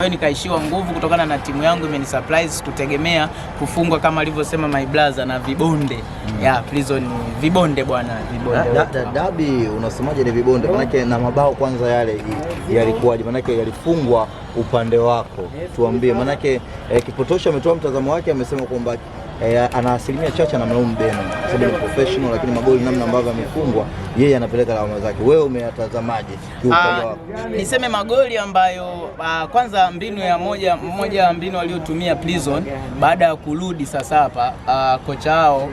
Kwayo nikaishiwa nguvu kutokana na timu yangu surprise, Tutegemea kufungwa kama alivyosema my brother na vibonde mm. ya Prison vibonde bwana, vibonde da, da, dabi unasemaje? Ni vibonde manake, na mabao kwanza yale yalikuwaje? Manake yalifungwa upande wako, tuambie manake. Eh, Kipotosha ametoa mtazamo wake, amesema kwamba eh, ana asilimia chache anamlaumu Beno kwa sababu ni professional, lakini magoli namna ambavyo amefungwa yeye anapeleka lawama zake. Wewe umeyatazamaje kiupande ah, wako? Niseme magoli ambayo aa, ah, kwanza mbinu ya moja mmoja ya mbinu aliyotumia Prison baada ya kurudi sasa hapa ah, kocha wao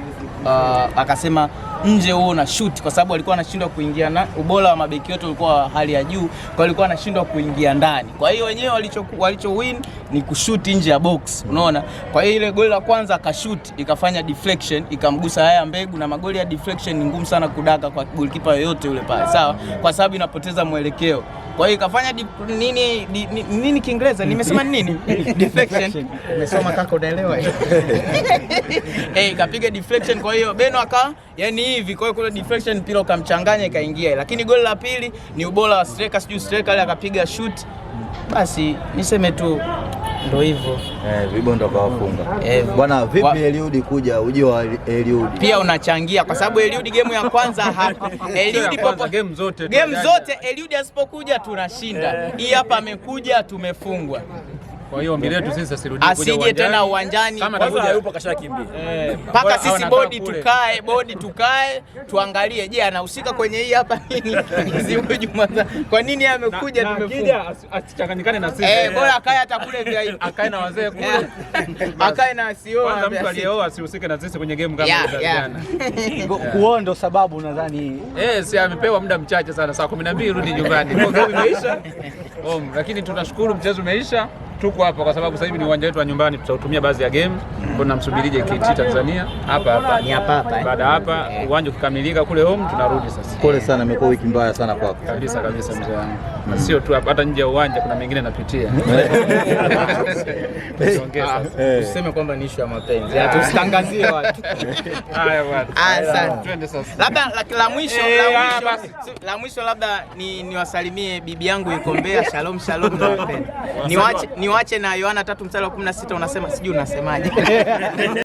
akasema nje huo na shoot, kwa sababu alikuwa anashindwa kuingia na ubora wa mabeki wetu ulikuwa wa hali ya juu, kwa alikuwa anashindwa kuingia ndani. Kwa hiyo wenyewe walicho walicho win ni kushuti nje ya box, unaona. Kwa hiyo ile goli la kwanza akashuti ikafanya deflection ikamgusa haya mbegu, na magoli ya deflection ni ngumu sana kudaka kwa goalkeeper yoyote yule pale, sawa, kwa sababu inapoteza mwelekeo. Kwa hiyo ikafanya nini nini, nini Kiingereza nimesema nini? Deflection. Umesoma kaka unaelewa. Eh, ikapiga deflection kwa hiyo Beno aka yani hivi kwa hiyo kule deflection pilo kamchanganya ikaingia. Lakini goli la pili ni ubora wa striker, sijui striker ile akapiga shoot. Basi niseme tu ndo hivyo eh, ndo kawafunga eh. Bwana vipi Eliudi kuja ujio wa Eliudi pia unachangia kwa sababu Eliudi game ya kwanza hapa Eliudi popo... game zote game zote Eliudi asipokuja tunashinda. Eh. Hii hapa amekuja tumefungwa. Kwa hiyo ombi letu eh? sisi kuja uwanjani, asije tena uwanjani, yupo kashakimbia eh, mpaka sisi bodi tukae, bodi tukae tuangalie, je, anahusika kwenye hii hapa nini? Kwa nini amekuja? Tumekuja asichanganyikane na sisi eh, bora akae hata kule vya akae na wazee kule, eh, akae na asioa, mtu aliyeoa asihusike na sisi kwenye game kama hiyo jana. Huo ndo sababu nadhani eh, si amepewa muda mchache sana, saa 12 rudi nyumbani, kwa hiyo imeisha. Lakini tunashukuru mchezo umeisha tuko hapa kwa sababu sasa hivi ni uwanja wetu wa nyumbani, tutautumia baadhi ya game. Tunamsubiri JKT Tanzania hapa hapa, ni hapa hapa. Eh. Baada hapa eh. uwanja ukikamilika kule home, tunarudi sasa. Pole sana, imekuwa wiki mbaya sana kwako. Kabisa kabisa, mzee wangu, na sio tu hapa, hata nje ya uwanja kuna mengine napitia. Eh. Tuseme kwamba ni issue ya mapenzi, tusitangazie watu. Haya bwana, Asante, twende sasa. Labda la mwisho la mwisho labda ni niwasalimie bibi yangu yuko Mbeya. Shalom shalom, nawapenda niwache niwache na Yohana tatu mstari wa 16 unasema, sijui unasemaje?